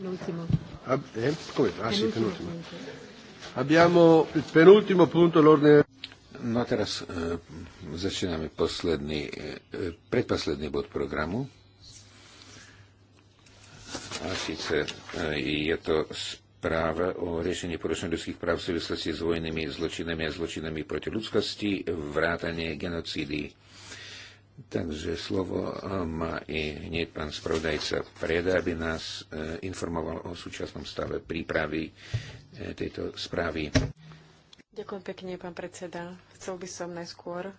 L'ultimo. Ah, eh? Come? Ah, sì, penultimo. Abbiamo il penultimo punto all'ordine. No teraz e, začíname posledný, e, predposledný bod programu. A síce e, je to správa o riešení porušenia ľudských práv v súvislosti s vojnými zločinami a zločinami proti ľudskosti, vrátanie genocídy. Takže slovo má i hneď pán spravodajca Preda, aby nás e, informoval o súčasnom stave prípravy e, tejto správy. Ďakujem pekne, pán predseda. Chcel by som najskôr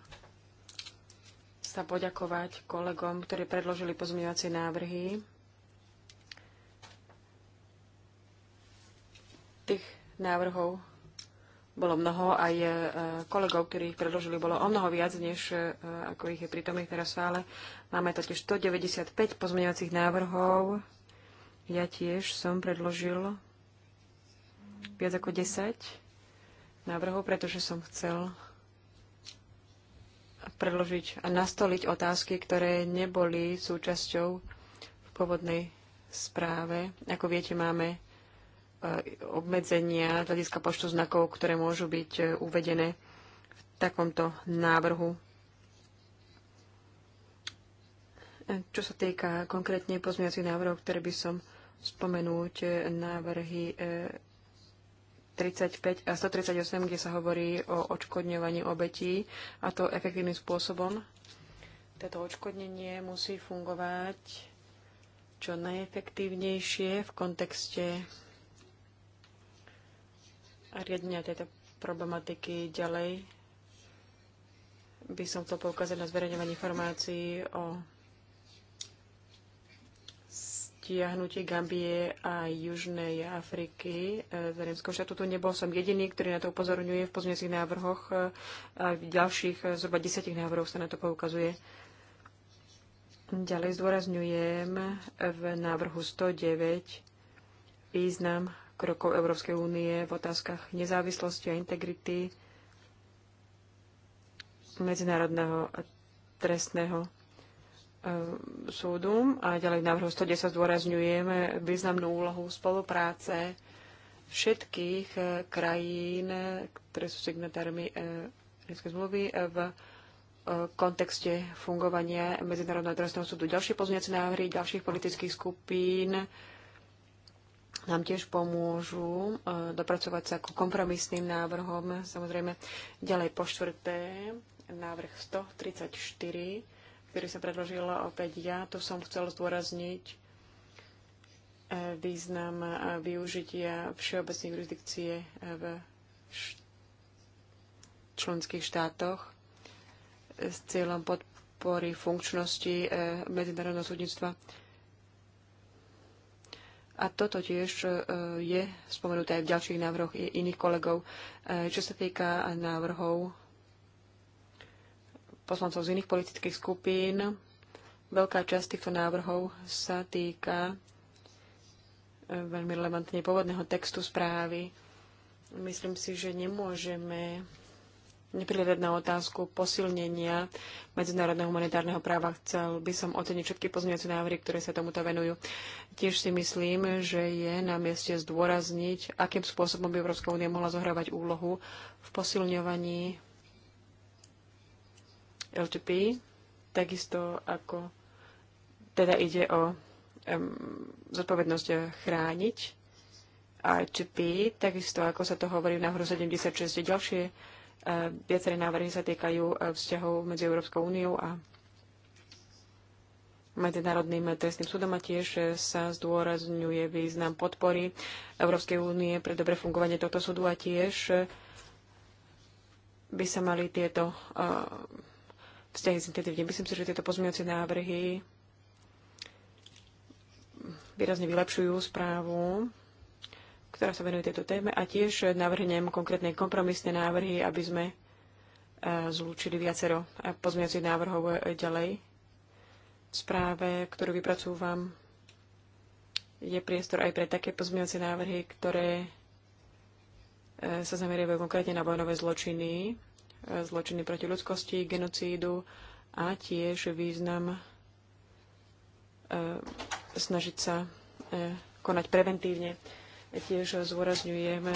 sa poďakovať kolegom, ktorí predložili pozmeňovacie návrhy. Tých návrhov bolo mnoho, aj e, kolegov, ktorých predložili, bolo o mnoho viac, než e, ako ich je prítomných teraz v sále. Máme totiž 195 pozmeňovacích návrhov. Ja tiež som predložil viac ako 10 návrhov, pretože som chcel predložiť a nastoliť otázky, ktoré neboli súčasťou v pôvodnej správe. Ako viete, máme E, obmedzenia z hľadiska počtu znakov, ktoré môžu byť e, uvedené v takomto návrhu. E, čo sa týka konkrétne pozmiacich návrhov, ktoré by som spomenúť, návrhy 35 a 138, kde sa hovorí o odškodňovaní obetí a to efektívnym spôsobom. Toto odškodnenie musí fungovať čo najefektívnejšie v kontexte a riadenia tejto problematiky ďalej by som chcel poukázať na zverejňovanie informácií o stiahnutí Gambie a Južnej Afriky e, z Rímskeho tu Nebol som jediný, ktorý na to upozorňuje v pozmeňujúcich návrhoch e, a v ďalších e, zhruba desiatich návrhoch sa na to poukazuje. Ďalej zdôrazňujem v návrhu 109 význam krokov Európskej únie v otázkach nezávislosti a integrity Medzinárodného trestného e, súdu. A ďalej v návrhu 110 zdôrazňujeme významnú úlohu spolupráce všetkých e, krajín, ktoré sú signatármi e, Rímskej zmluvy v kontexte fungovania Medzinárodného trestného súdu. Ďalšie pozmeňovacie návrhy ďalších politických skupín nám tiež pomôžu e, dopracovať sa ku kompromisným návrhom. Samozrejme, ďalej po štvrté, návrh 134, ktorý som predložila opäť ja. Tu som chcel zdôrazniť e, význam e, využitia všeobecnej jurisdikcie v členských štátoch s cieľom podpory funkčnosti medzinárodného súdnictva a toto tiež e, je spomenuté aj v ďalších návrhoch iných kolegov. E, čo sa týka návrhov poslancov z iných politických skupín, veľká časť týchto návrhov sa týka e, veľmi relevantne pôvodného textu správy. Myslím si, že nemôžeme neprihľadať na otázku posilnenia medzinárodného humanitárneho práva. Chcel by som oceniť všetky pozmeňujúce návrhy, ktoré sa tomuto venujú. Tiež si myslím, že je na mieste zdôrazniť, akým spôsobom by Európska únia mohla zohrávať úlohu v posilňovaní LTP, takisto ako teda ide o um, zodpovednosť chrániť RTP, takisto ako sa to hovorí na hru 76. Ďalšie Viaceré návrhy sa týkajú e, vzťahov medzi Európskou úniou a Medzinárodným trestným súdom a tiež e, sa zdôrazňuje význam podpory Európskej únie pre dobre fungovanie tohto súdu a tiež e, by sa mali tieto vzťahy zintenzívne. Myslím si, že tieto pozmeňujúce návrhy výrazne vylepšujú správu ktorá sa venuje tejto téme a tiež navrhnem konkrétne kompromisné návrhy, aby sme e, zlúčili viacero e, pozmeňujúcich návrhov e, ďalej. V správe, ktorú vypracúvam, je priestor aj pre také pozmeňujúce návrhy, ktoré sa zameriavajú konkrétne na vojnové zločiny, zločiny proti ľudskosti, genocídu a tiež význam snažiť sa konať preventívne. Tiež zúrazňujem, e,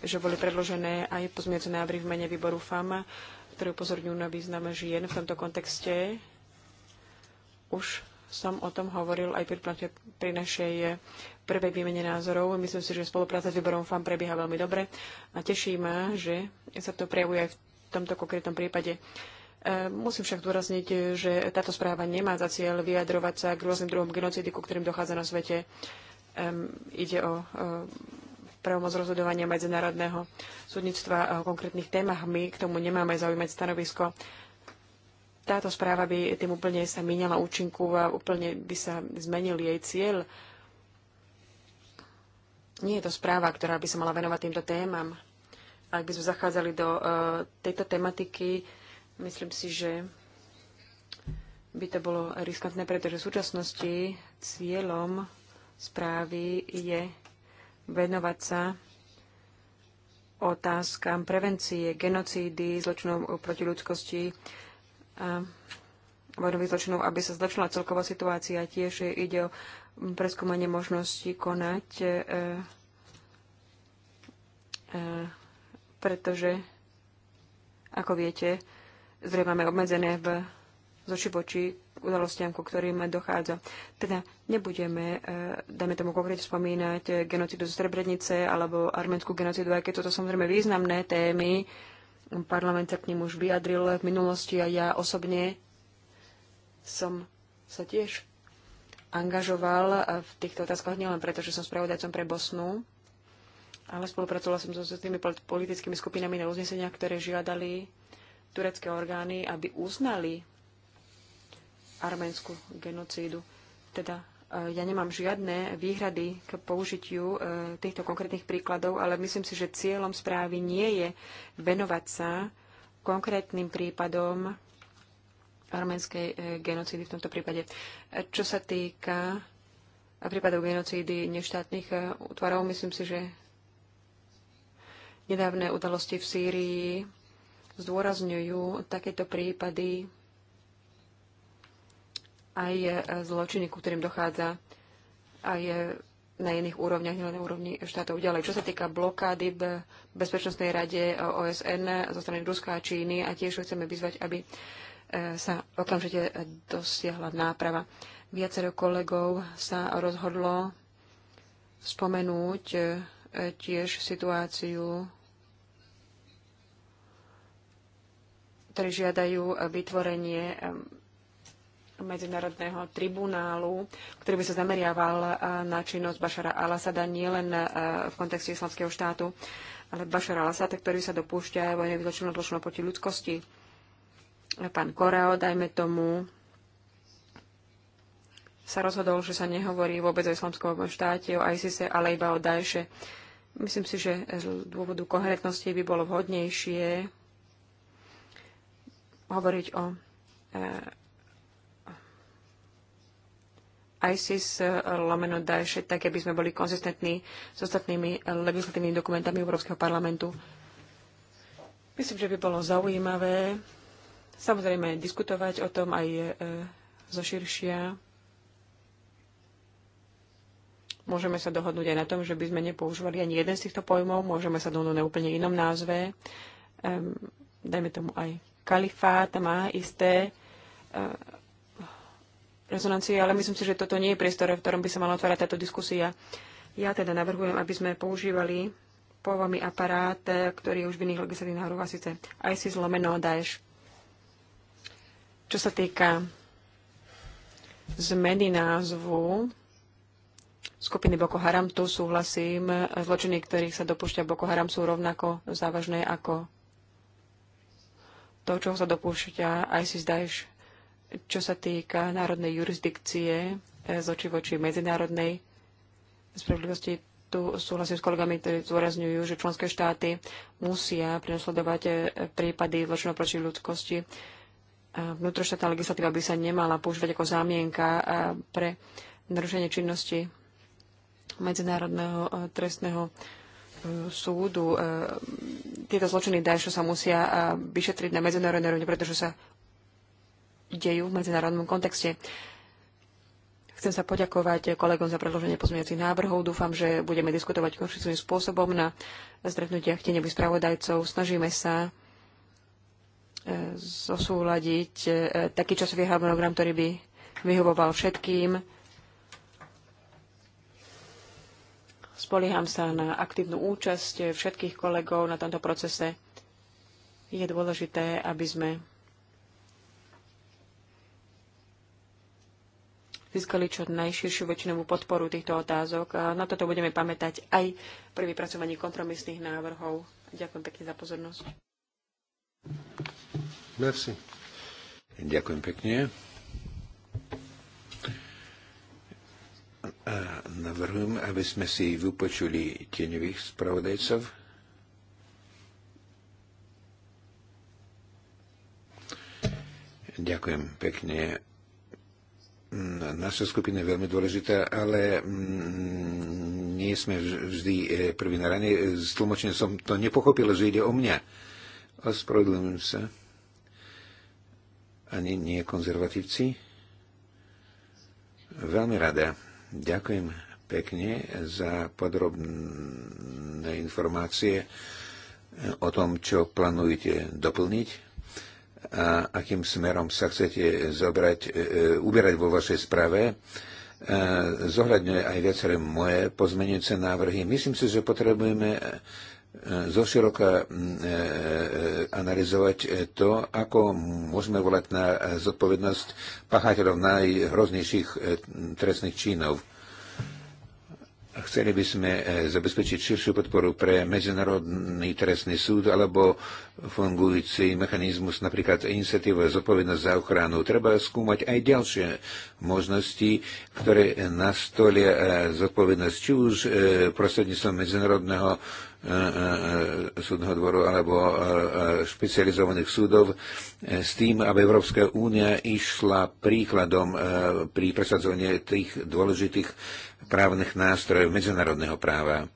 že boli predložené aj pozmiace návrhy v mene výboru FAM, ktoré upozorňujú na význam žien v tomto kontexte. Už som o tom hovoril aj pri, pri našej e, prvej výmene názorov. Myslím si, že spolupráca s výborom FAM prebieha veľmi dobre a teší ma, že sa to prejavuje aj v tomto konkrétnom prípade. E, musím však dôrazniť, že táto správa nemá za cieľ vyjadrovať sa k rôznym druhom genocidy, ku ktorým dochádza na svete ide o e, pravomoc rozhodovania medzinárodného súdnictva o konkrétnych témach. My k tomu nemáme zaujímať stanovisko. Táto správa by tým úplne sa míňala účinku a úplne by sa zmenil jej cieľ. Nie je to správa, ktorá by sa mala venovať týmto témam. Ak by sme zachádzali do uh, tejto tematiky, myslím si, že by to bolo riskantné, pretože v súčasnosti cieľom správy je venovať sa otázkam prevencie, genocídy, zločinov proti ľudskosti a vojnových zločinov, aby sa zlepšila celková situácia. Tiež ide o preskúmanie možnosti konať, e, e, pretože, ako viete, zrejme máme obmedzené v z oči voči k udalostiam, ku ktorým dochádza. Teda nebudeme, e, dajme tomu konkrétne spomínať, e, genocidu zo Srebrenice alebo arménskú genocidu, aj keď toto samozrejme významné témy, parlament sa k nim už vyjadril v minulosti a ja osobne som sa tiež angažoval v týchto otázkach nielen preto, že som spravodajcom pre Bosnu, ale spolupracovala som so, s tými politickými skupinami na uzneseniach, ktoré žiadali turecké orgány, aby uznali arménsku genocídu. Teda e, ja nemám žiadne výhrady k použitiu e, týchto konkrétnych príkladov, ale myslím si, že cieľom správy nie je venovať sa konkrétnym prípadom arménskej e, genocídy v tomto prípade. Čo sa týka prípadov genocídy neštátnych útvarov, myslím si, že nedávne udalosti v Sýrii zdôrazňujú takéto prípady aj e, zločiny, ku ktorým dochádza aj na iných úrovniach, nielen na úrovni štátov ďalej. Čo sa týka blokády v Bezpečnostnej rade e, OSN zo strany Ruska a Číny a tiež chceme vyzvať, aby e, sa okamžite dosiahla náprava. Viacero kolegov sa rozhodlo spomenúť tiež situáciu, ktorí žiadajú vytvorenie medzinárodného tribunálu, ktorý by sa zameriaval eh, na činnosť Bašara al-Asada nielen eh, v kontexte islamského štátu, ale Bašara al-Asada, ktorý sa dopúšťa vojnových zločinov zločinov proti ľudskosti. Pán Koreo, dajme tomu, sa rozhodol, že sa nehovorí vôbec o islamskom štáte, o ISIS, ale iba o Dajše. Myslím si, že z dôvodu koherentnosti by bolo vhodnejšie hovoriť o eh, ISIS eh, lomeno Daesh, tak aby sme boli konzistentní s ostatnými eh, legislatívnymi dokumentami Európskeho parlamentu. Myslím, že by bolo zaujímavé samozrejme diskutovať o tom aj e, zo širšia. Môžeme sa dohodnúť aj na tom, že by sme nepoužívali ani jeden z týchto pojmov, môžeme sa dohodnúť na úplne inom názve. Ehm, dajme tomu aj kalifát má isté rezonancii, ale myslím si, že toto nie je priestor, v ktorom by sa mala otvárať táto diskusia. Ja teda navrhujem, aby sme používali povami aparát, eh, ktorý je už v iných legislatívnych návrhoch, a síce ISIS lomeno Daesh. Čo sa týka zmeny názvu skupiny Boko Haram, tu súhlasím, zločiny, ktorých sa dopúšťa Boko Haram, sú rovnako závažné ako to, čo sa dopúšťa ISIS Daesh čo sa týka národnej jurisdikcie e, z oči voči medzinárodnej spravodlivosti, tu súhlasím s kolegami, ktorí zdôrazňujú, že členské štáty musia prenasledovať e, prípady zločinov proti ľudskosti. E, vnútroštátna legislatíva by sa nemala používať ako zámienka pre narušenie činnosti Medzinárodného trestného súdu. Tieto zločiny Daešu sa musia vyšetriť na medzinárodnej rovni, pretože sa dejú v medzinárodnom kontexte. Chcem sa poďakovať kolegom za predloženie pozmeňujúcich návrhov. Dúfam, že budeme diskutovať konštruktívnym spôsobom na stretnutiach tenevých spravodajcov. Snažíme sa e, zosúľadiť e, taký časový harmonogram, ktorý by vyhovoval všetkým. Spolieham sa na aktívnu účasť všetkých kolegov na tomto procese. Je dôležité, aby sme získali čo najširšiu väčšinovú podporu týchto otázok. A na toto budeme pamätať aj pri vypracovaní kompromisných návrhov. Ďakujem pekne za pozornosť. Merci. Ďakujem pekne. A navrhujem, aby sme si vypočuli tieňových spravodajcov. Ďakujem pekne naša skupina je veľmi dôležitá, ale mm, nie sme vždy e, prví na rane. S som to nepochopil, že ide o mňa. Ospravedlňujem sa. Ani nie konzervatívci. Veľmi rada. Ďakujem pekne za podrobné informácie o tom, čo plánujete doplniť a akým smerom sa chcete zobrať, e, e, uberať vo vašej správe. E, zohľadňuje aj viaceré moje pozmenujúce návrhy. Myslím si, že potrebujeme zoširoka analyzovať to, ako môžeme volať na zodpovednosť pachateľov najhroznejších trestných činov Chceli by sme e, zabezpečiť širšiu podporu pre Medzinárodný trestný súd alebo fungujúci mechanizmus, napríklad iniciatíva zodpovednosť za ochranu. Treba skúmať aj ďalšie možnosti, ktoré nastolia e, zodpovednosť či už e, prostredníctvom Medzinárodného súdneho dvoru alebo špecializovaných súdov s tým, aby Európska únia išla príkladom pri presadzovaní tých dôležitých právnych nástrojov medzinárodného práva. E,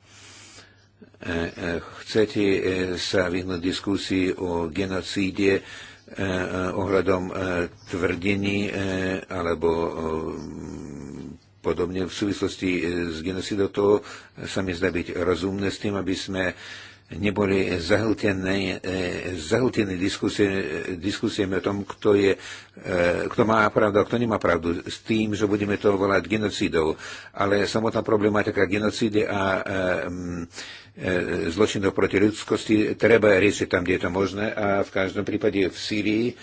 e, chcete e, sa vyhnúť diskusii o genocíde ohľadom tvrdení alebo podobne v súvislosti s genocidou, to sa mi zdá byť rozumné s tým, aby sme neboli zahltené, e, zahltené diskusie, diskusiami o tom, kto, je, e, kto má pravdu a kto nemá pravdu, s tým, že budeme to volať genocídou. Ale samotná problematika genocídy a e, zločinov proti ľudskosti treba riešiť tam, kde je to možné a v každom prípade v Sýrii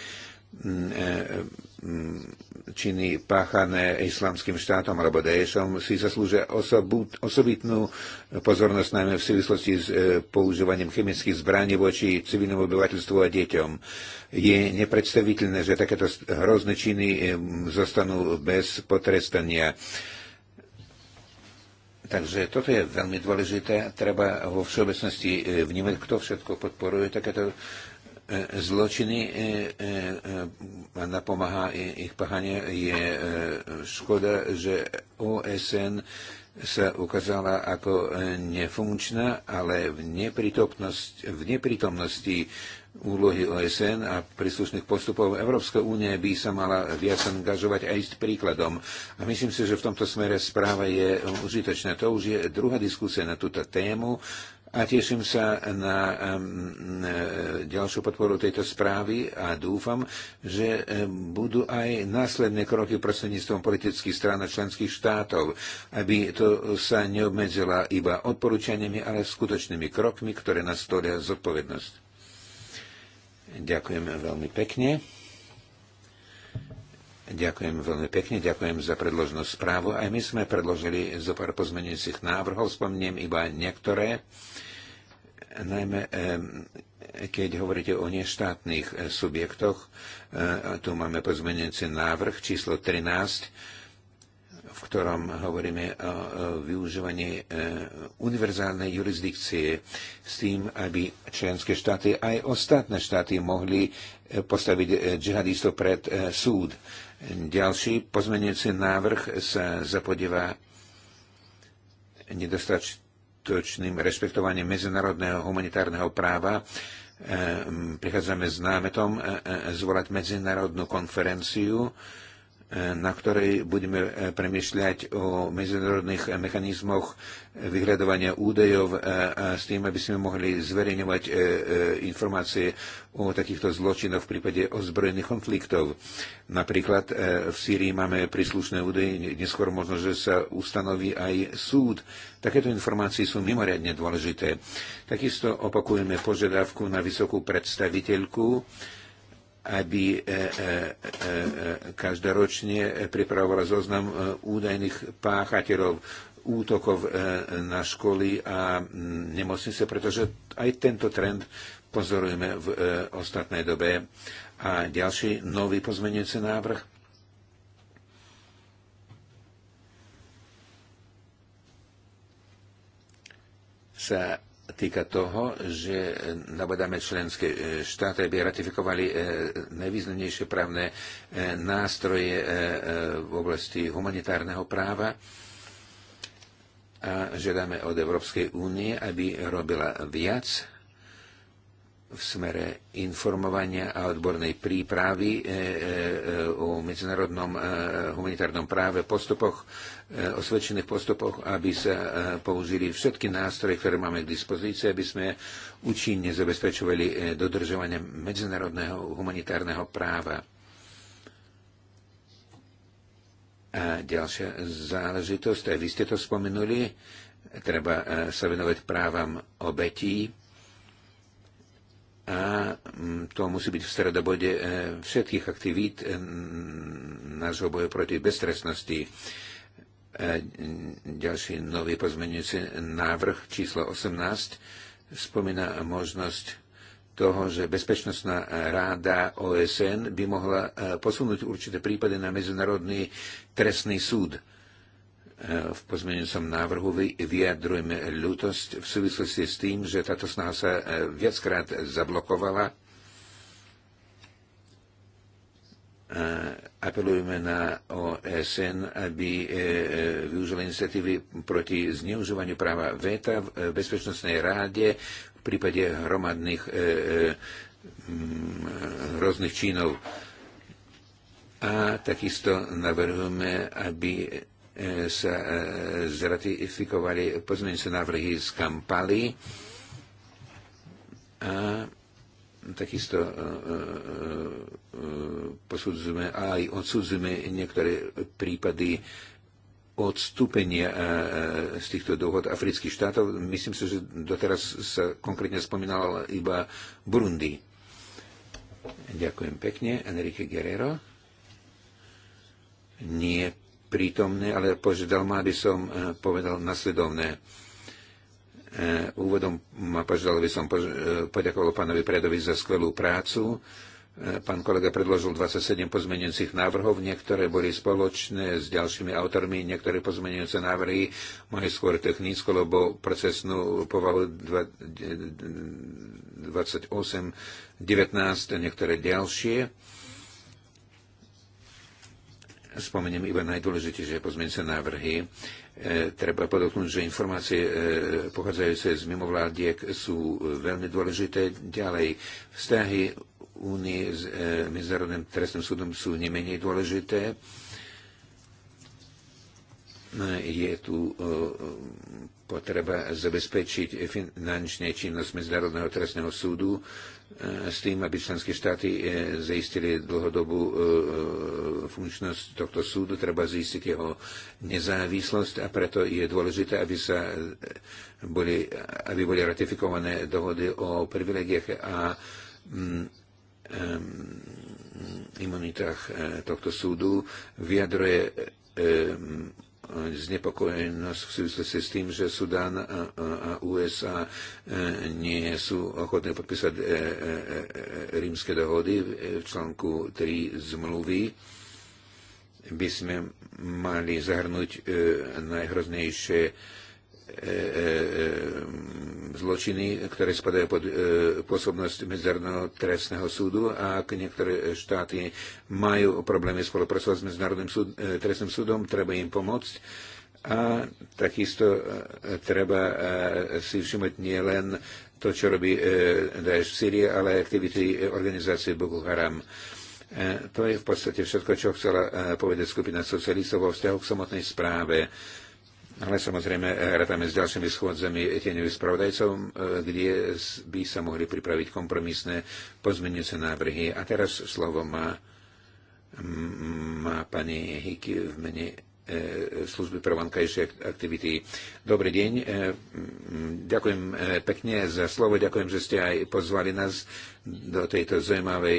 činy páchané islamským štátom alebo Daešom si zaslúžia osobitnú pozornosť najmä v súvislosti s e, používaním chemických zbraní voči civilnému obyvateľstvu a deťom. Je nepredstaviteľné, že takéto hrozné činy e, zostanú bez potrestania. Takže toto je veľmi dôležité. Treba vo všeobecnosti e, vnímať, kto všetko podporuje takéto E, zločiny a e, e, napomáha ich páchanie. Je škoda, že OSN sa ukázala ako nefunkčná, ale v, v neprítomnosti úlohy OSN a príslušných postupov Európska únia by sa mala viac angažovať aj s príkladom. A myslím si, že v tomto smere správa je užitočná. To už je druhá diskusia na túto tému a teším sa na ďalšiu podporu tejto správy a dúfam, že budú aj následné kroky prostredníctvom politických strán a členských štátov, aby to sa neobmedzila iba odporúčaniami, ale skutočnými krokmi, ktoré nastolia zodpovednosť. Ďakujem veľmi pekne. Ďakujem veľmi pekne, ďakujem za predloženú správu. Aj my sme predložili zo pár pozmenujúcich návrhov, spomeniem iba niektoré, najmä keď hovoríte o neštátnych eh, subjektoch, eh, tu máme pozmenujúci návrh číslo 13, v ktorom hovoríme o využívaní eh, univerzálnej jurisdikcie s tým, aby členské štáty aj ostatné štáty mohli postaviť džihadistov pred súd ďalší pozmeniaci návrh sa zapodieva nedostatočným rešpektovaním medzinárodného humanitárneho práva. Ehm, prichádzame s námetom e, e, zvolať medzinárodnú konferenciu, E, na ktorej budeme e, premyšľať o medzinárodných e, mechanizmoch vyhľadovania údajov a s tým, aby sme mohli zverejňovať informácie o takýchto zločinoch v prípade ozbrojených konfliktov. Napríklad v Sýrii máme príslušné údaje, neskôr možno, že sa ustanoví aj súd. Takéto informácie sú mimoriadne dôležité. Takisto opakujeme požiadavku na vysokú predstaviteľku, aby e, e, e, každoročne pripravovala zoznam údajných páchateľov útokov na školy a mm, nemocnice, pretože aj tento trend pozorujeme v ostatnej dobe. A ďalší nový pozmenujúci návrh. sa týka toho, že nabadáme členské e, štáty, aby ratifikovali e, najvýznamnejšie právne e, nástroje v oblasti humanitárneho práva a žiadame od Európskej únie, aby robila viac v smere informovania a odbornej prípravy e, e, e, o medzinárodnom humanitárnom práve, postupoch, osvedčených postupoch, aby sa použili všetky nástroje, ktoré máme k dispozícii, aby sme účinne zabezpečovali dodržovanie medzinárodného humanitárneho práva. A ďalšia záležitosť, aj vy ste to spomenuli, treba sa venovať právam obetí a mm, to musí byť v stredobode e, všetkých aktivít e, nášho boja proti beztrestnosti. E, ďalší nový pozmenujúci návrh číslo 18 spomína možnosť toho, že Bezpečnostná ráda OSN by mohla posunúť určité prípady na Medzinárodný trestný súd. Eh, v pozmeňujúcom návrhu vyjadrujeme ľútosť v súvislosti s tým, že táto snaha sa eh, viackrát zablokovala. Eh, apelujeme na OSN, aby využili iniciatívy proti zneužívaniu práva VETA v Bezpečnostnej ráde v prípade hromadných mm, hrozných činov. A takisto navrhujeme, aby sa e, zratifikovali pozmeňujúce návrhy z Kampaly a takisto e, e, posudzujeme a aj odsudzujeme niektoré prípady odstúpenia z týchto dohod afrických štátov. Myslím si, že doteraz sa konkrétne spomínala iba Burundi. Ďakujem pekne. Enrique Guerrero. Nie Prítomné, ale požiadal ma, aby som e, povedal nasledovné. E, úvodom ma požiadal, aby som e, poďakoval pánovi Predovi za skvelú prácu. Pán kolega predložil 27 pozmenujúcich návrhov, niektoré boli spoločné s ďalšími autormi, niektoré pozmenujúce návrhy majú skôr technickú, lebo procesnú povahu 28, 19 a niektoré ďalšie Spomeniem iba najdôležitejšie pozmeňujúce návrhy. E, treba podotknúť, že informácie e, pochádzajúce z mimovládiek sú e, veľmi dôležité. Ďalej, vzťahy únie s e, Medzinárodným trestným súdom sú nemenej dôležité. E, je tu e, potreba zabezpečiť finančne činnosť Medzinárodného trestného súdu e, s tým, aby členské štáty e, zaistili dlhodobú e, funkčnosť tohto súdu, treba zistiť jeho nezávislosť a preto je dôležité, aby, sa boli, aby boli ratifikované dohody o privilegiách a mm, imunitách tohto súdu vyjadruje znepokojenosť v súvislosti s tým, že Sudán a USA e, nie sú ochotné podpísať e, e, rímske dohody v článku 3 zmluvy by sme mali zahrnúť najhroznejšie E, e, e, zločiny, ktoré spadajú pod pôsobnosť Medzinárodného trestného súdu a ak niektoré štáty majú problémy spolupracovať s Medzinárodným súd, trestným súdom, treba im pomôcť. A takisto treba si všimnúť nielen to, čo robí Daesh v Syrii, ale aj aktivity organizácie Boko Haram. To je v podstate všetko, čo chcela povedať skupina socialistov vo vzťahu k samotnej správe. Ale samozrejme, e, rátame s ďalšími schôdzami tieňových spravodajcov, e, kde by sa mohli pripraviť kompromisné pozmenujúce návrhy. A teraz slovo má, má pani Hiky v mene E, služby pre vonkajšie aktivity. Dobrý deň, e, ďakujem e, pekne za slovo, ďakujem, že ste aj pozvali nás do tejto zaujímavej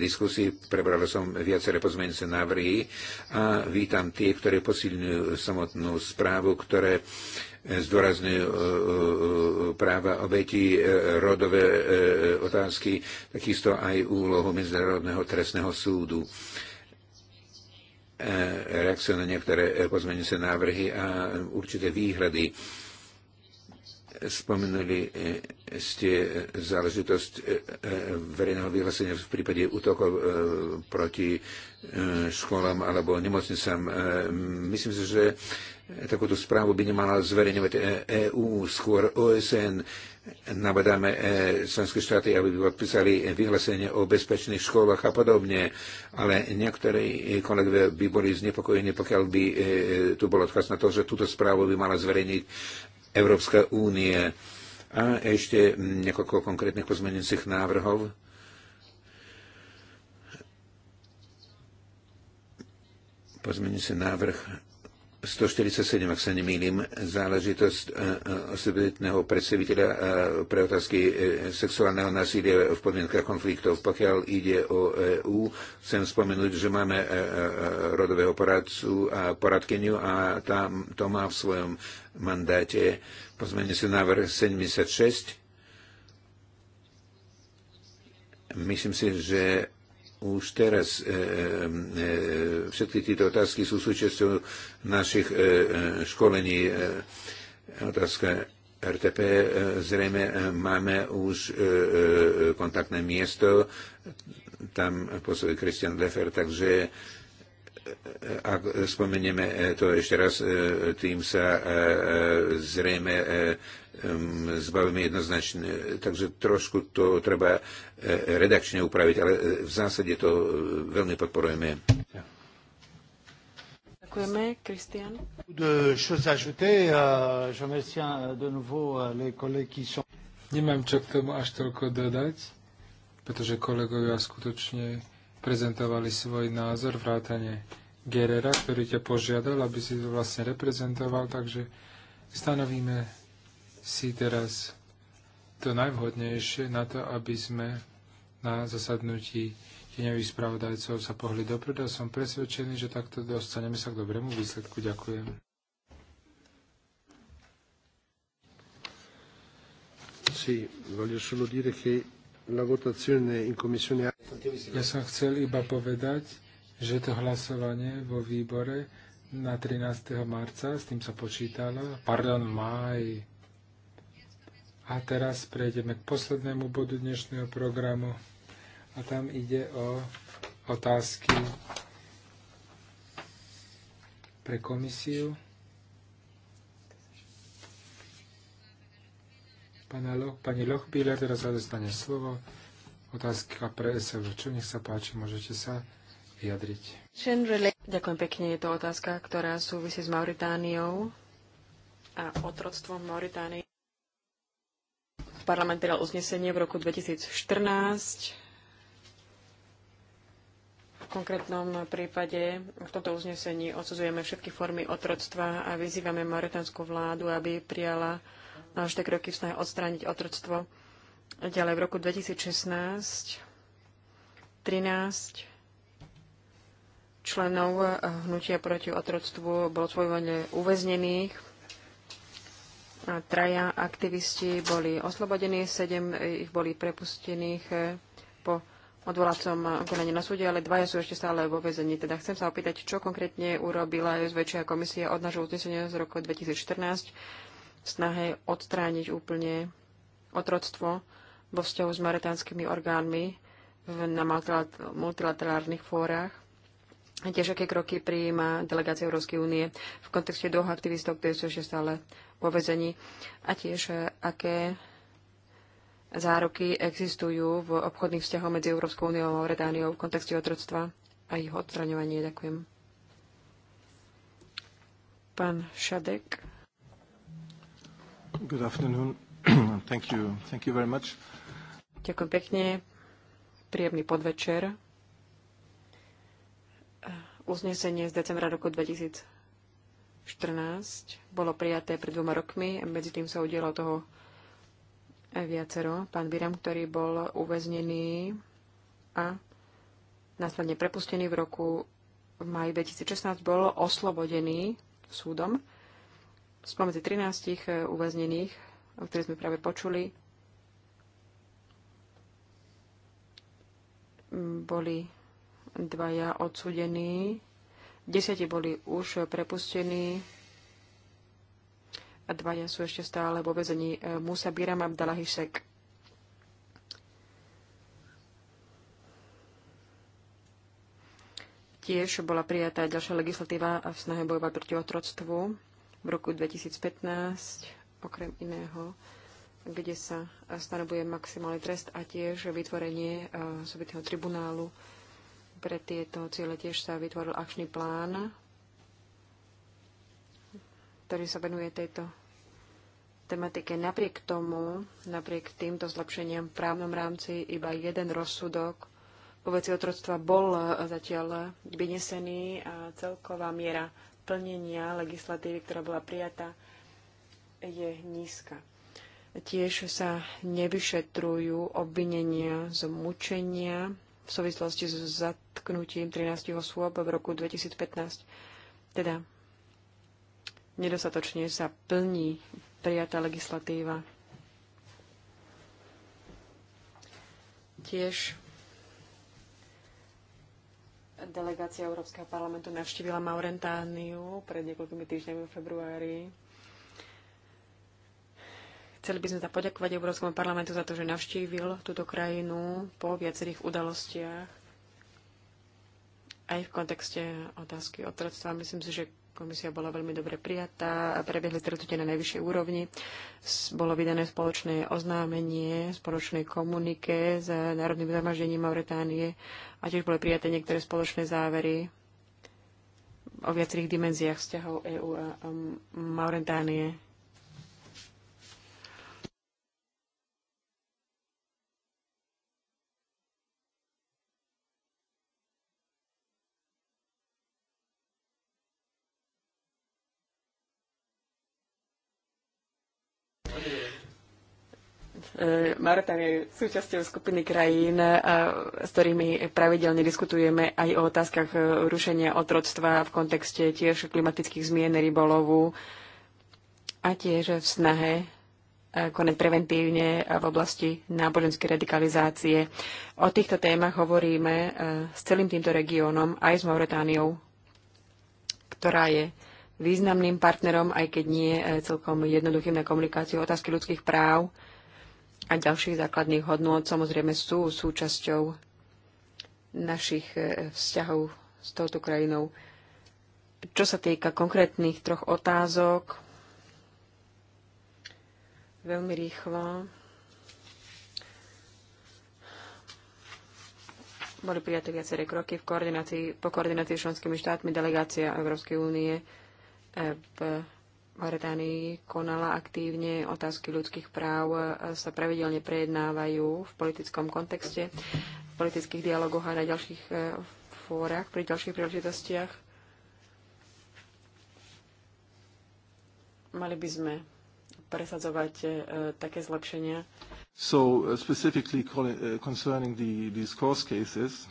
diskusii. Prebral som viaceré pozmeňujúce návrhy a vítam tie, ktoré posilňujú samotnú správu, ktoré zdôrazňujú práva obeti, rodové otázky, takisto aj úlohu Medzinárodného trestného súdu. E, reakciu na niektoré e, pozmeňujúce návrhy a určité výhrady. Spomenuli e, ste záležitosť verejného vyhlásenia v prípade útokov proti školám alebo nemocnicám. Myslím si, že takúto správu by nemala zverejňovať EÚ, skôr OSN nabadáme e, členské štáty, aby podpísali vyhlásenie o bezpečných školách a podobne, ale niektorí e, kolegovia by boli znepokojení, pokiaľ by e, tu bol odkaz na to, že túto správu by mala zverejniť Európska únie. A ešte niekoľko konkrétnych pozmenujúcich návrhov. Pozmenujúci návrh 147, ak sa nemýlim, záležitosť e, e, osobitného predstaviteľa e, pre otázky sexuálneho násilia v podmienkach konfliktov. Pokiaľ ide o EU, chcem spomenúť, že máme rodového poradcu a poradkyniu a tá, to má v svojom mandáte pozmenie si návrh 76. Myslím si, že už teraz e, e, e, všetky tieto otázky sú súčasťou našich školení. Otázka RTP zrejme máme už kontaktné miesto, tam posluje Christian Lefer, takže ak spomenieme e, to ešte raz, e, tým sa e, zrejme zbavíme jednoznačne. Takže trošku to treba redakčne upraviť, ale v zásade to veľmi podporujeme. Ďakujeme. Kristian? Euh, euh, euh, Nemám čo k tomu až toľko dodať, pretože kolegovia skutočne prezentovali svoj názor vrátane Gerera, ktorý ťa požiadal, aby si to vlastne reprezentoval, takže stanovíme si teraz to najvhodnejšie na to, aby sme na zasadnutí tieňových spravodajcov sa pohli dopredu a som presvedčený, že takto dostaneme sa k dobrému výsledku. Ďakujem. Sì, voglio solo dire che ja som chcel iba povedať, že to hlasovanie vo výbore na 13. marca, s tým sa počítalo, pardon, maj. A teraz prejdeme k poslednému bodu dnešného programu a tam ide o otázky pre komisiu. Pana Loch, pani Lochbíler teraz sa dostane slovo. Otázka pre SVČ. Nech sa páči, môžete sa vyjadriť. Ďakujem pekne. Je to otázka, ktorá súvisí s Mauritániou a otroctvom Mauritánii. Parlament dal uznesenie v roku 2014. V konkrétnom prípade v tomto uznesení odsudzujeme všetky formy otroctva a vyzývame mauritánsku vládu, aby prijala náležité kroky v snahe odstrániť otroctvo. Ďalej v roku 2016 13 členov eh, hnutia proti otroctvu bolo svojvoľne uväznených. A traja aktivisti boli oslobodení, sedem ich boli prepustených eh, po odvolacom eh, konaní na súde, ale dvaja sú ešte stále vo väzení. Teda chcem sa opýtať, čo konkrétne urobila SVČ komisia od nášho uznesenia z roku 2014 snahe odstrániť úplne otroctvo vo vzťahu s maritánskymi orgánmi v, na multilaterálnych fórach. A tiež aké kroky prijíma delegácia Európskej únie v kontexte dvoch aktivistov, ktorí sú ešte stále vo vezení. A tiež e, aké zároky existujú v obchodných vzťahoch medzi Európskou úniou a Mauretániou v kontexte otroctva a ich odstraňovanie. Ďakujem. Pán Šadek. Good afternoon. Thank you. Thank you very much. Ďakujem pekne. Príjemný podvečer. Uznesenie z decembra roku 2014 bolo prijaté pred dvoma rokmi. Medzi tým sa udialo toho viacero. Pán Biram, ktorý bol uväznený a následne prepustený v roku v maji 2016, bol oslobodený súdom spomedzi 13 eh, uväznených, o ktorých sme práve počuli, mm, boli dvaja odsudení, desiatí boli už prepustení a dvaja sú ešte stále vo väzení eh, Musa Biram Abdalahisek. Tiež bola prijatá ďalšia legislatíva v snahe bojovať proti otroctvu v roku 2015, okrem iného, kde sa stanovuje maximálny trest a tiež vytvorenie eh, súbytného tribunálu. Pre tieto ciele tiež sa vytvoril akčný plán, ktorý sa venuje tejto tematike. Napriek tomu, napriek týmto zlepšeniam v právnom rámci, iba jeden rozsudok po veci otroctva bol eh, zatiaľ vynesený a celková miera plnenia legislatívy, ktorá bola prijatá, je nízka. Tiež sa nevyšetrujú obvinenia z mučenia v súvislosti s zatknutím 13 osôb v roku 2015. Teda nedostatočne sa plní prijatá legislatíva. Tiež Delegácia Európskeho parlamentu navštívila Maurentániu pred niekoľkými týždňami v februári. Chceli by sme sa poďakovať Európskemu parlamentu za to, že navštívil túto krajinu po viacerých udalostiach aj v kontexte otázky otroctva. Myslím si, že Komisia bola veľmi dobre prijatá, prebiehli stretnutie na najvyššej úrovni, bolo vydané spoločné oznámenie, spoločné komunike s Národným zamaždením Mauretánie a tiež boli prijaté niektoré spoločné závery o viacerých dimenziách vzťahov EÚ a um, Mauretánie. E, Marotan je súčasťou skupiny krajín, e, s ktorými pravidelne diskutujeme aj o otázkach e, rušenia otroctva v kontexte tiež klimatických zmien rybolovu a tiež v snahe konať preventívne v oblasti náboženskej radikalizácie. O týchto témach hovoríme s celým týmto regiónom aj s Mauretániou, ktorá je významným partnerom, aj keď nie celkom jednoduchým na komunikáciu otázky ľudských práv a ďalších základných hodnôt samozrejme sú súčasťou našich e, vzťahov s touto krajinou. Čo sa týka konkrétnych troch otázok, veľmi rýchlo. Boli prijaté viaceré kroky v koordinácii, po koordinácii s členskými štátmi delegácia Európskej únie e, v Británii konala aktívne. Otázky ľudských práv e, sa pravidelne prejednávajú v politickom kontexte, v politických dialogoch a na ďalších e, fórach, pri ďalších príležitostiach. Mali by sme presadzovať e, také zlepšenia. So uh, specifically uh, concerning the, these course cases,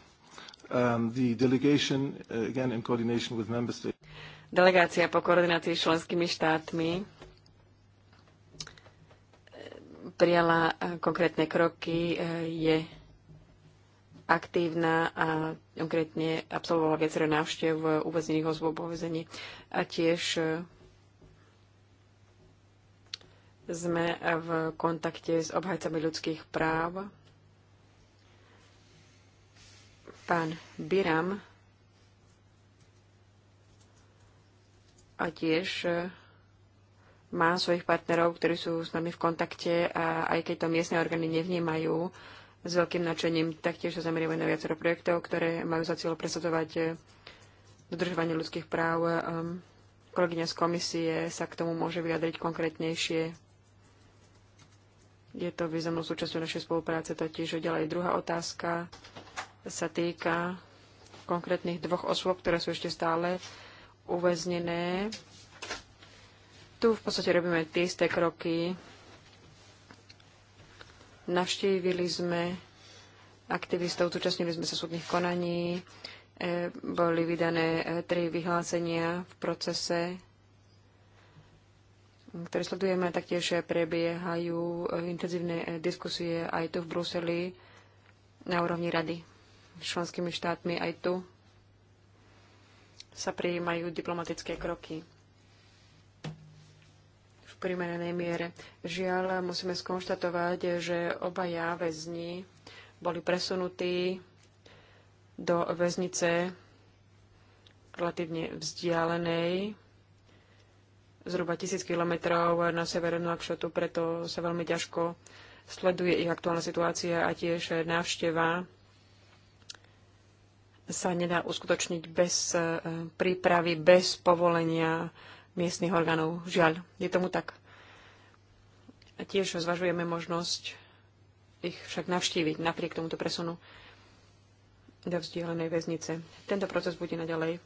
um, the delegation, uh, again in coordination with member states. Delegácia po koordinácii s členskými štátmi eh, prijala eh, konkrétne kroky, eh, je aktívna a konkrétne absolvovala viacero návštev uväznených osôb a tiež sme v kontakte s obhajcami ľudských práv. Pán Biram a tiež e, má svojich partnerov, ktorí sú s nami v kontakte a aj keď to miestne orgány nevnímajú s veľkým nadšením, taktiež sa zameriavajú na viacero projektov, ktoré majú za cieľ presadzovať e, dodržovanie ľudských práv. E, kolegyňa z komisie sa k tomu môže vyjadriť konkrétnejšie. Je to významnou súčasťou našej spolupráce, totiž ďalej druhá otázka sa týka konkrétnych dvoch osôb, ktoré sú ešte stále uväznené. Tu v podstate robíme tie isté kroky. Navštívili sme aktivistov, zúčastnili sme sa súdnych konaní, e, boli vydané e, tri vyhlásenia v procese, ktoré sledujeme, taktiež prebiehajú e, intenzívne diskusie aj tu v Bruseli na úrovni rady s členskými štátmi, aj tu sa prijímajú diplomatické kroky v primeranej miere. Žiaľ, musíme skonštatovať, že obaja väzni boli presunutí do väznice relatívne vzdialenej, zhruba tisíc kilometrov na sever Nuakšotu, preto sa veľmi ťažko sleduje ich aktuálna situácia a tiež návšteva sa nedá uskutočniť bez e, prípravy, bez povolenia miestnych orgánov. Žiaľ, je tomu tak. Tiež zvažujeme možnosť ich však navštíviť napriek tomuto presunu do vzdielenej väznice. Tento proces bude naďalej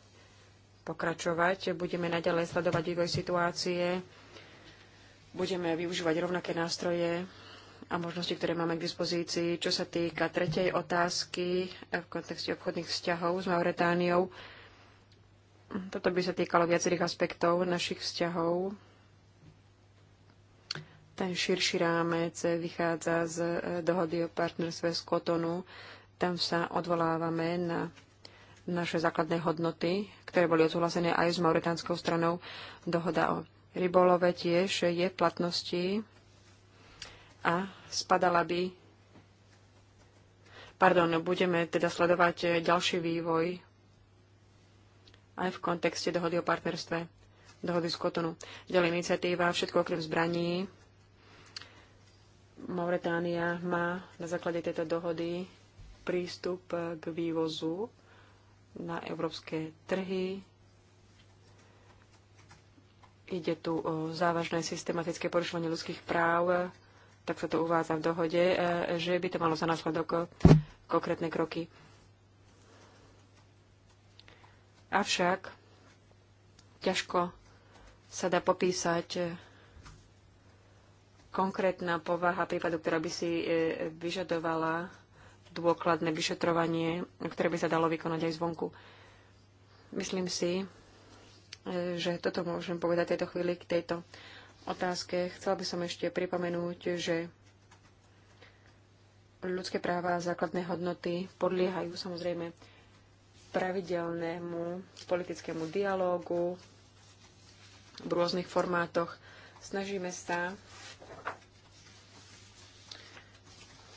pokračovať. Budeme naďalej sledovať vývoj situácie. Budeme využívať rovnaké nástroje a možnosti, ktoré máme k dispozícii. Čo sa týka tretej otázky eh, v kontexte obchodných vzťahov s Mauretániou, toto by sa týkalo viacerých aspektov našich vzťahov. Ten širší rámec vychádza z eh, dohody o partnerstve z Kotonu. Tam sa odvolávame na naše základné hodnoty, ktoré boli odsúhlasené aj s mauritánskou stranou. Dohoda o rybolove tiež je v platnosti a spadala by. Pardon, budeme teda sledovať eh, ďalší vývoj aj v kontexte dohody o partnerstve, dohody z Kotonu. Ďalej iniciatíva Všetko okrem zbraní. Mauretánia má na základe tejto dohody prístup eh, k vývozu na európske trhy. Ide tu o závažné systematické porušovanie ľudských práv tak sa to uvádza v dohode, e, že by to malo za následok konkrétne kroky. Avšak ťažko sa dá popísať konkrétna povaha prípadu, ktorá by si e, vyžadovala dôkladné vyšetrovanie, ktoré by sa dalo vykonať aj zvonku. Myslím si, e, že toto môžem povedať v tejto chvíli k tejto otázke chcela by som ešte pripomenúť, že ľudské práva a základné hodnoty podliehajú samozrejme pravidelnému politickému dialógu v rôznych formátoch. Snažíme sa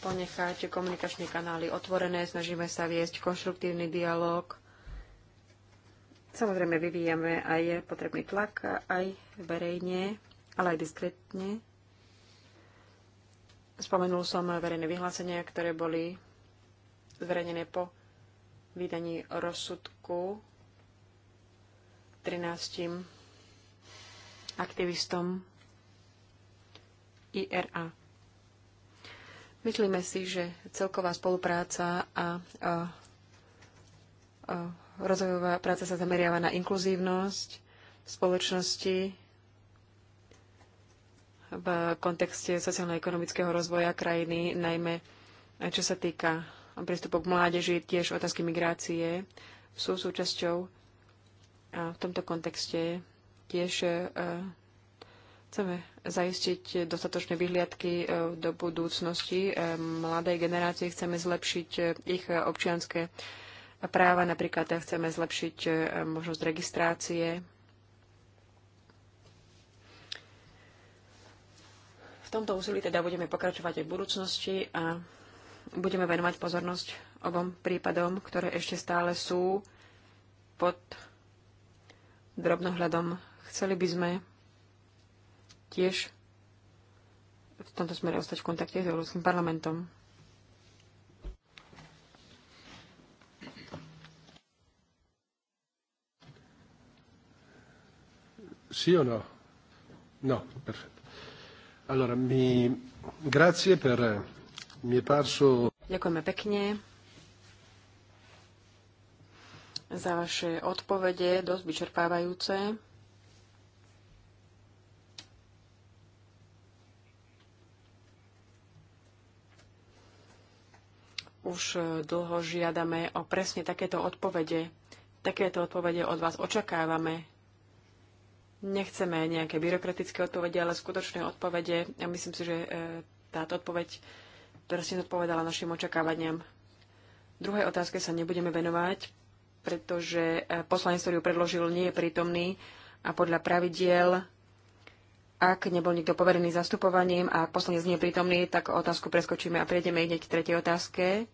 ponechať komunikačné kanály otvorené, snažíme sa viesť konštruktívny dialóg. Samozrejme, vyvíjame aj potrebný tlak, aj verejne ale aj diskrétne. Spomenul som verejné vyhlásenia, ktoré boli zverejnené po vydaní rozsudku 13 aktivistom IRA. Myslíme si, že celková spolupráca a, a, a rozvojová práca sa zameriava na inkluzívnosť v spoločnosti, v kontexte sociálno-ekonomického rozvoja krajiny, najmä čo sa týka prístupu k mládeži, tiež otázky migrácie sú súčasťou a v tomto kontexte tiež e, chceme zaistiť dostatočné vyhliadky e, do budúcnosti e, mladej generácie, chceme zlepšiť ich občianské práva, napríklad chceme zlepšiť možnosť registrácie tomto úsilí teda budeme pokračovať aj v budúcnosti a budeme venovať pozornosť obom prípadom, ktoré ešte stále sú pod drobnohľadom. Chceli by sme tiež v tomto smere ostať v kontakte s Európskym parlamentom. Sí o no? No, perfecto. Allora, mi... Grazie per... Mi è parso... Ďakujeme pekne za vaše odpovede, dosť vyčerpávajúce. Už e, dlho žiadame o presne takéto odpovede. Takéto odpovede od vás očakávame. Nechceme nejaké byrokratické odpovede, ale skutočné odpovede. Ja myslím si, že e, táto odpoveď presne odpovedala našim očakávaniam. Druhej otázke sa nebudeme venovať, pretože e, poslanec, ktorý ju predložil, nie je prítomný a podľa pravidiel, ak nebol nikto poverený zastupovaním a ak poslanec nie je prítomný, tak otázku preskočíme a prejdeme hneď k tretej otázke.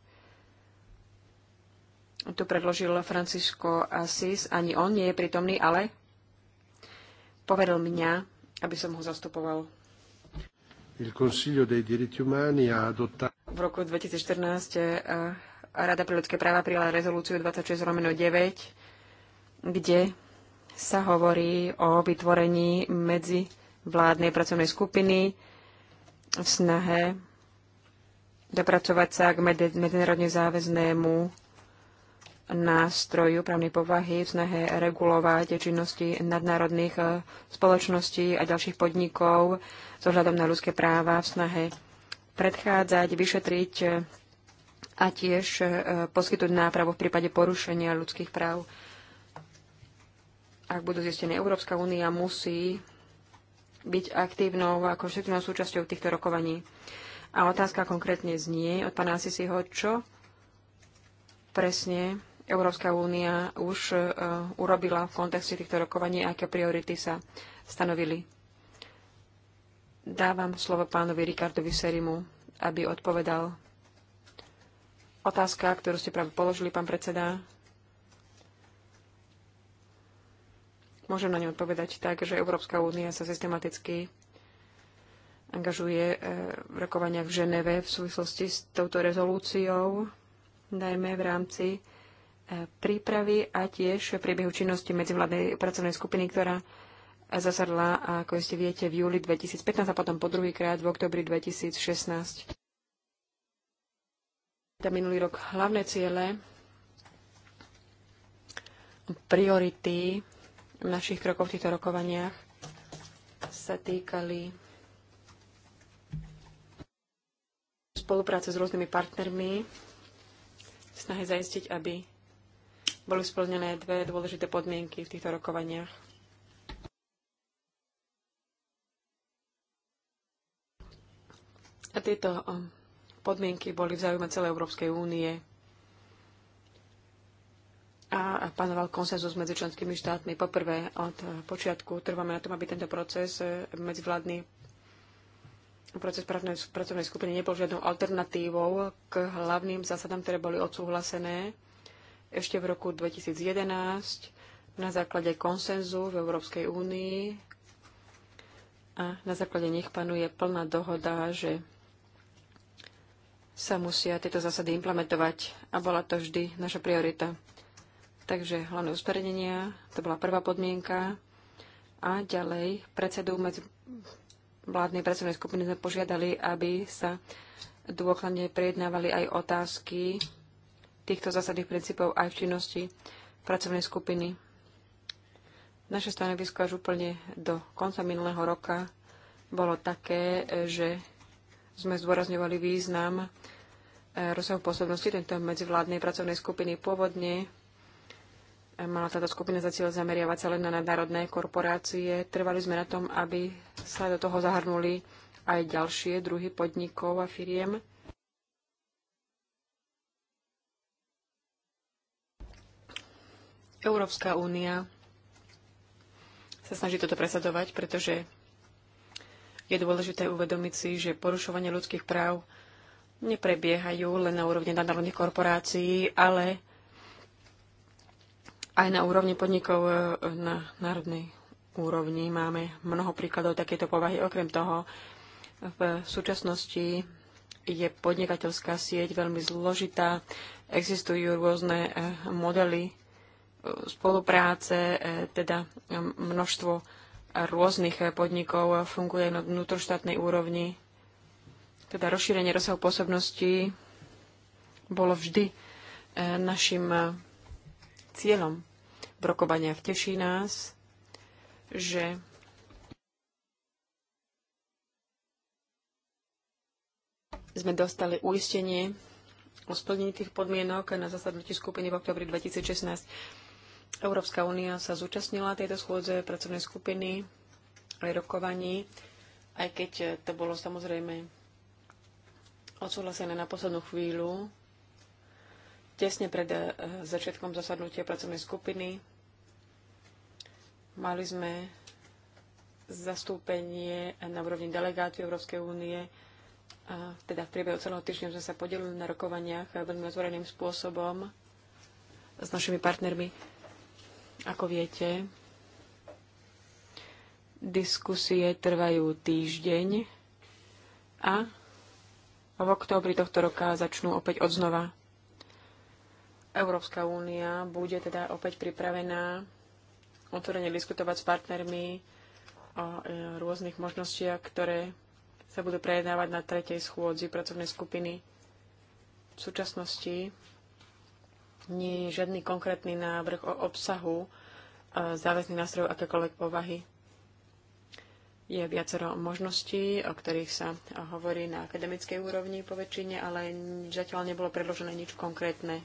Tu predložil Francisco Assis, ani on nie je prítomný, ale poveril mňa, aby som ho zastupoval. V roku 2014 eh, Rada pre ľudské práva prijala rezolúciu 26 9, kde sa hovorí o vytvorení medzi vládnej pracovnej skupiny v snahe dopracovať sa k medzinárodne záväznému nástroju právnej povahy v snahe regulovať činnosti nadnárodných e, spoločností a ďalších podnikov s ohľadom na ľudské práva v snahe predchádzať, vyšetriť e, a tiež e, poskytnúť nápravu v prípade porušenia ľudských práv. Ak budú zistené, Európska únia musí byť aktívnou a konštruktívnou súčasťou týchto rokovaní. A otázka konkrétne znie od pána Asisiho, čo presne Európska únia už e, urobila v kontexte týchto rokovaní, aké priority sa stanovili. Dávam slovo pánovi Rikardovi Serimu, aby odpovedal. Otázka, ktorú ste práve položili, pán predseda. Môžem na ňu odpovedať tak, že Európska únia sa systematicky angažuje e, v rokovaniach v Ženeve v súvislosti s touto rezolúciou, najmä v rámci prípravy a tiež v priebehu činnosti medzivládnej pracovnej skupiny, ktorá zasadla, ako ste viete, v júli 2015 a potom po druhýkrát v oktobri 2016. Teda minulý rok hlavné ciele, priority našich krokov v týchto rokovaniach sa týkali spolupráce s rôznymi partnermi, snahy zaistiť, aby boli splnené dve dôležité podmienky v týchto rokovaniach. A tieto podmienky boli v záujme celej Európskej únie a panoval konsenzus medzi členskými štátmi. Poprvé od počiatku trváme na tom, aby tento proces e, medzivládny proces pracovnej skupiny nebol žiadnou alternatívou k hlavným zásadám, ktoré boli odsúhlasené ešte v roku 2011 na základe konsenzu v Európskej únii a na základe nich panuje plná dohoda, že sa musia tieto zásady implementovať a bola to vždy naša priorita. Takže hlavné usmernenia, to bola prvá podmienka a ďalej predsedu medzi vládnej pracovnej skupiny sme požiadali, aby sa dôkladne prejednávali aj otázky týchto zásadných princípov aj v činnosti pracovnej skupiny. Naše stanovisko až úplne do konca minulého roka bolo také, že sme zdôrazňovali význam e, rozsahu pôsobnosti tejto medzivládnej pracovnej skupiny. Pôvodne e, mala táto skupina za cieľ zameriavať sa len na nadnárodné korporácie. Trvali sme na tom, aby sa do toho zahrnuli aj ďalšie druhy podnikov a firiem. Európska únia sa snaží toto presadovať, pretože je dôležité uvedomiť si, že porušovanie ľudských práv neprebiehajú len na úrovni nadnárodných korporácií, ale aj na úrovni podnikov e, na národnej úrovni. Máme mnoho príkladov takéto povahy. Okrem toho, v súčasnosti je podnikateľská sieť veľmi zložitá. Existujú rôzne e, modely spolupráce, e, teda množstvo rôznych podnikov funguje na vnútroštátnej úrovni. Teda rozšírenie rozsahu pôsobnosti bolo vždy e, našim e, cieľom v rokovaniach. Teší nás, že sme dostali uistenie o splnení tých podmienok na zasadnutí skupiny v oktobri 2016 Európska únia sa zúčastnila tejto schôdze pracovnej skupiny aj rokovaní, aj keď to bolo samozrejme odsúhlasené na poslednú chvíľu, tesne pred eh, začiatkom zasadnutia pracovnej skupiny. Mali sme zastúpenie na úrovni delegátov Európskej únie. A teda v priebehu celého týždňa sme sa podelili na rokovaniach veľmi otvoreným spôsobom s našimi partnermi. Ako viete, diskusie trvajú týždeň a v októbri tohto roka začnú opäť odznova. Európska únia bude teda opäť pripravená otvorene diskutovať s partnermi o e, rôznych možnostiach, ktoré sa budú prejednávať na tretej schôdzi pracovnej skupiny. V súčasnosti nie je žiadny konkrétny návrh o obsahu e, záväzných nástrojov akékoľvek povahy. Je viacero možností, o ktorých sa hovorí na akademickej úrovni po väčšine, ale zatiaľ nebolo predložené nič konkrétne.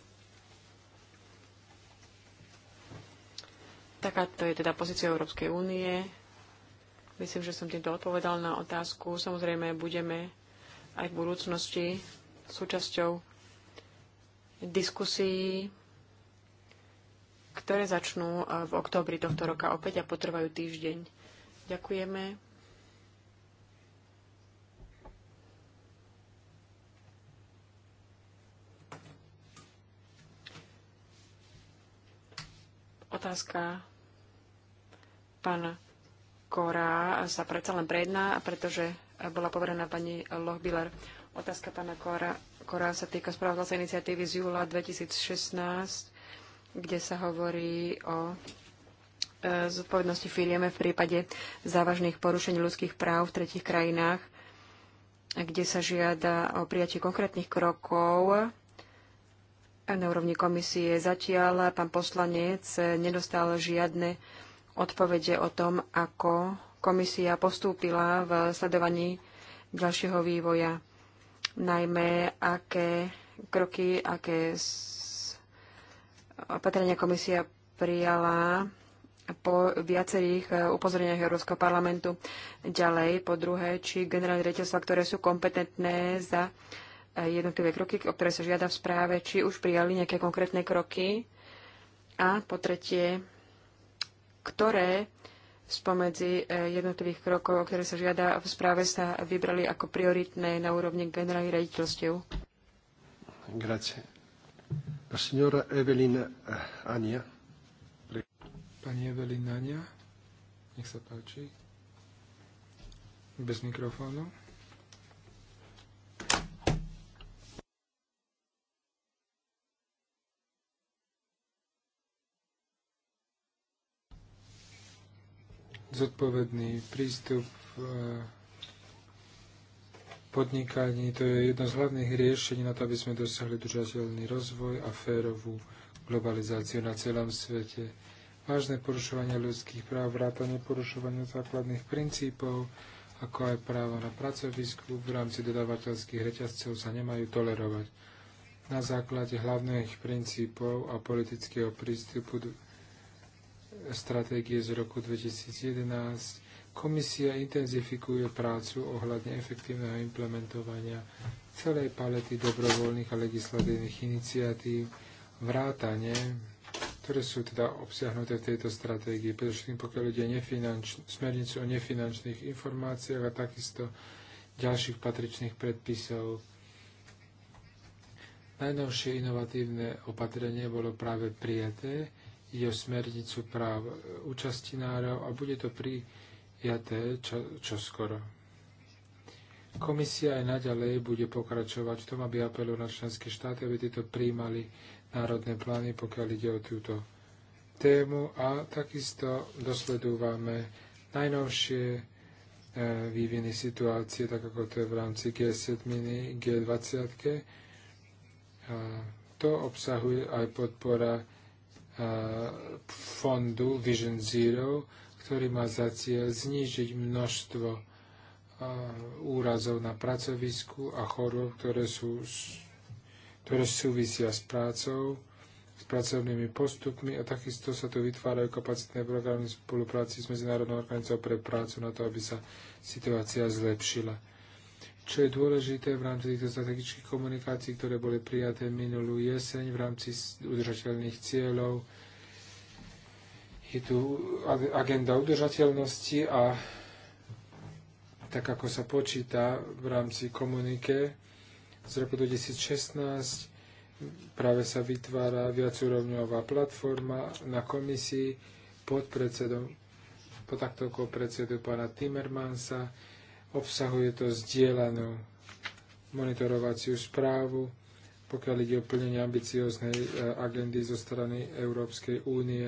Taká to je teda pozícia Európskej únie. Myslím, že som týmto odpovedal na otázku. Samozrejme, budeme aj v budúcnosti súčasťou diskusií, ktoré začnú eh, v októbri tohto roka opäť a potrvajú týždeň. Ďakujeme. Otázka pána Kora sa predsa len prejedná, pretože bola povedaná pani Lohbiller. Otázka pána Kora ktorá sa týka spravodlacej iniciatívy z júla 2016, kde sa hovorí o e, zodpovednosti firieme v prípade závažných porušení ľudských práv v tretich krajinách, kde sa žiada o prijatie konkrétnych krokov na úrovni komisie. Zatiaľ pán poslanec nedostal žiadne odpovede o tom, ako komisia postúpila v sledovaní ďalšieho vývoja najmä aké kroky, aké opatrenia komisia prijala po viacerých eh, upozoreniach Európskeho parlamentu. Ďalej, po druhé, či generálne riaditeľstva, ktoré sú kompetentné za eh, jednotlivé kroky, o ktoré sa žiada v správe, či už prijali nejaké konkrétne kroky. A po tretie, ktoré spomedzi eh, jednotlivých krokov, ktoré sa žiada v správe, sa vybrali ako prioritné na úrovni generálnych raditeľstiev? Grazie. La signora Evelyn eh, Ania. Pani Evelyn Ania, nech sa páči. Bez mikrofónu. zodpovedný prístup e, podnikaní. To je jedno z hlavných riešení na to, aby sme dosiahli držateľný rozvoj a férovú globalizáciu na celom svete. Vážne porušovanie ľudských práv, vrátanie porušovania základných princípov, ako aj právo na pracovisku v rámci dodávateľských reťazcov sa nemajú tolerovať. Na základe hlavných princípov a politického prístupu stratégie z roku 2011 komisia intenzifikuje prácu ohľadne efektívneho implementovania celej palety dobrovoľných a legislatívnych iniciatív, vrátane, ktoré sú teda obsiahnuté v tejto stratégii, predovšetkým pokiaľ ide smernicu o nefinančných informáciách a takisto ďalších patričných predpisov. Najnovšie inovatívne opatrenie bolo práve prijaté, ide o smernicu práv e, účastinárov a bude to prijaté čo, čo skoro. Komisia aj naďalej bude pokračovať v tom, aby apelu na členské štáty, aby tieto príjmali národné plány, pokiaľ ide o túto tému a takisto dosledúvame najnovšie e, vývinné situácie, tak ako to je v rámci G7, G20. A to obsahuje aj podpora E, fondu Vision Zero, ktorý má za cieľ znižiť množstvo e, úrazov na pracovisku a chorôb, ktoré, sú, ktoré súvisia s prácou, s pracovnými postupmi a takisto sa tu vytvárajú kapacitné programy v spolupráci s Medzinárodnou organizáciou pre prácu na to, aby sa situácia zlepšila. Čo je dôležité v rámci týchto strategických komunikácií, ktoré boli prijaté minulú jeseň v rámci udržateľných cieľov, je tu agenda udržateľnosti a tak ako sa počíta v rámci komunike z roku 2016, práve sa vytvára viacúrovňová platforma na komisii pod predsedom, pod taktovkou predsedu pána Timmermansa, obsahuje to zdieľanú monitorovaciu správu, pokiaľ ide o plnenie ambicióznej e, agendy zo strany Európskej únie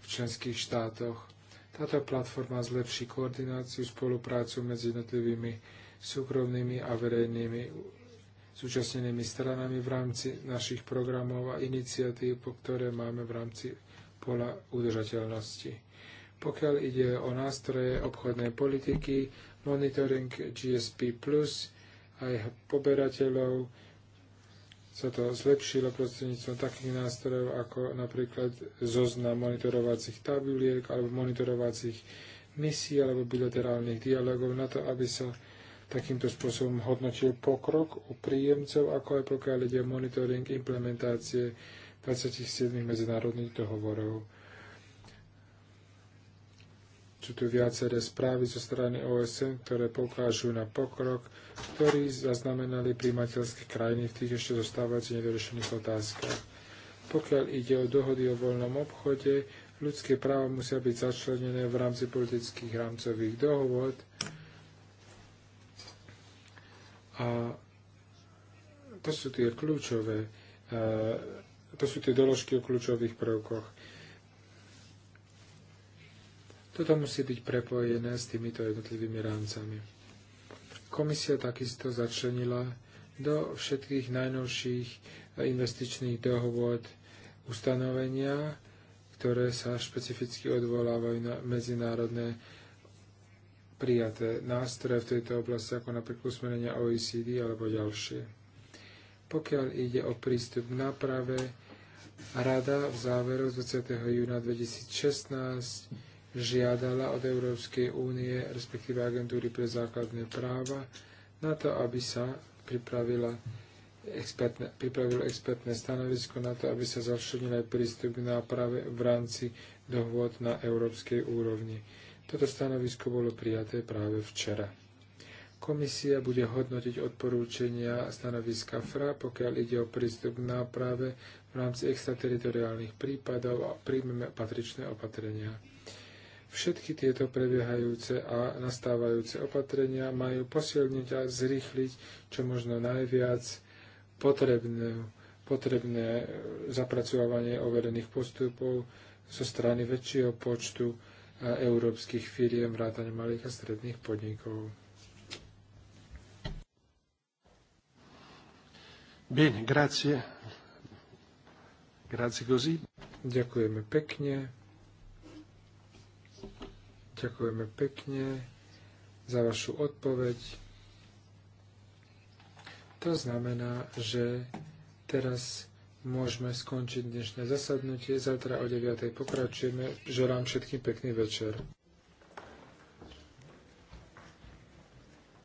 v členských štátoch. Táto platforma zlepší koordináciu, spoluprácu medzi jednotlivými súkromnými a verejnými súčasnenými stranami v rámci našich programov a iniciatív, po ktoré máme v rámci pola udržateľnosti. Pokiaľ ide o nástroje obchodnej politiky, monitoring GSP+, aj poberateľov, sa to zlepšilo prostredníctvom takých nástrojov ako napríklad zoznam monitorovacích tabuliek alebo monitorovacích misií alebo bilaterálnych dialogov na to, aby sa takýmto spôsobom hodnotil pokrok u príjemcov, ako aj pokiaľ ide monitoring implementácie 27 medzinárodných dohovorov. Sú tu viaceré správy zo strany OSN, ktoré poukážu na pokrok, ktorý zaznamenali príjmateľské krajiny v tých ešte zostávajúcich nedorešených otázkach. Pokiaľ ide o dohody o voľnom obchode, ľudské práva musia byť začlenené v rámci politických rámcových dohôd a to sú tie kľúčové, e, to sú tie doložky o kľúčových prvkoch. Toto musí byť prepojené s týmito jednotlivými rámcami. Komisia takisto začlenila do všetkých najnovších investičných dohôd ustanovenia, ktoré sa špecificky odvolávajú na medzinárodné prijaté nástroje v tejto oblasti, ako napríklad usmerenia OECD alebo ďalšie. Pokiaľ ide o prístup k náprave, Rada v záveru 20. júna 2016 žiadala od Európskej únie, respektíve agentúry pre základné práva, na to, aby sa pripravila expertné, pripravilo expertné stanovisko na to, aby sa začlenil aj prístup k náprave v rámci dohôd na európskej úrovni. Toto stanovisko bolo prijaté práve včera. Komisia bude hodnotiť odporúčania stanoviska FRA, pokiaľ ide o prístup k náprave v rámci extrateritoriálnych prípadov a príjmeme patričné opatrenia. Všetky tieto prebiehajúce a nastávajúce opatrenia majú posilniť a zrýchliť čo možno najviac potrebné, potrebné e, zapracovanie overených postupov zo strany väčšieho počtu e, európskych firiem vrátane malých a stredných podnikov. Bene, grazie. Grazie così. Ďakujeme pekne. Ďakujeme pekne za vašu odpoveď. To znamená, že teraz môžeme skončiť dnešné zasadnutie. Zajtra o 9.00 pokračujeme. Želám všetkým pekný večer.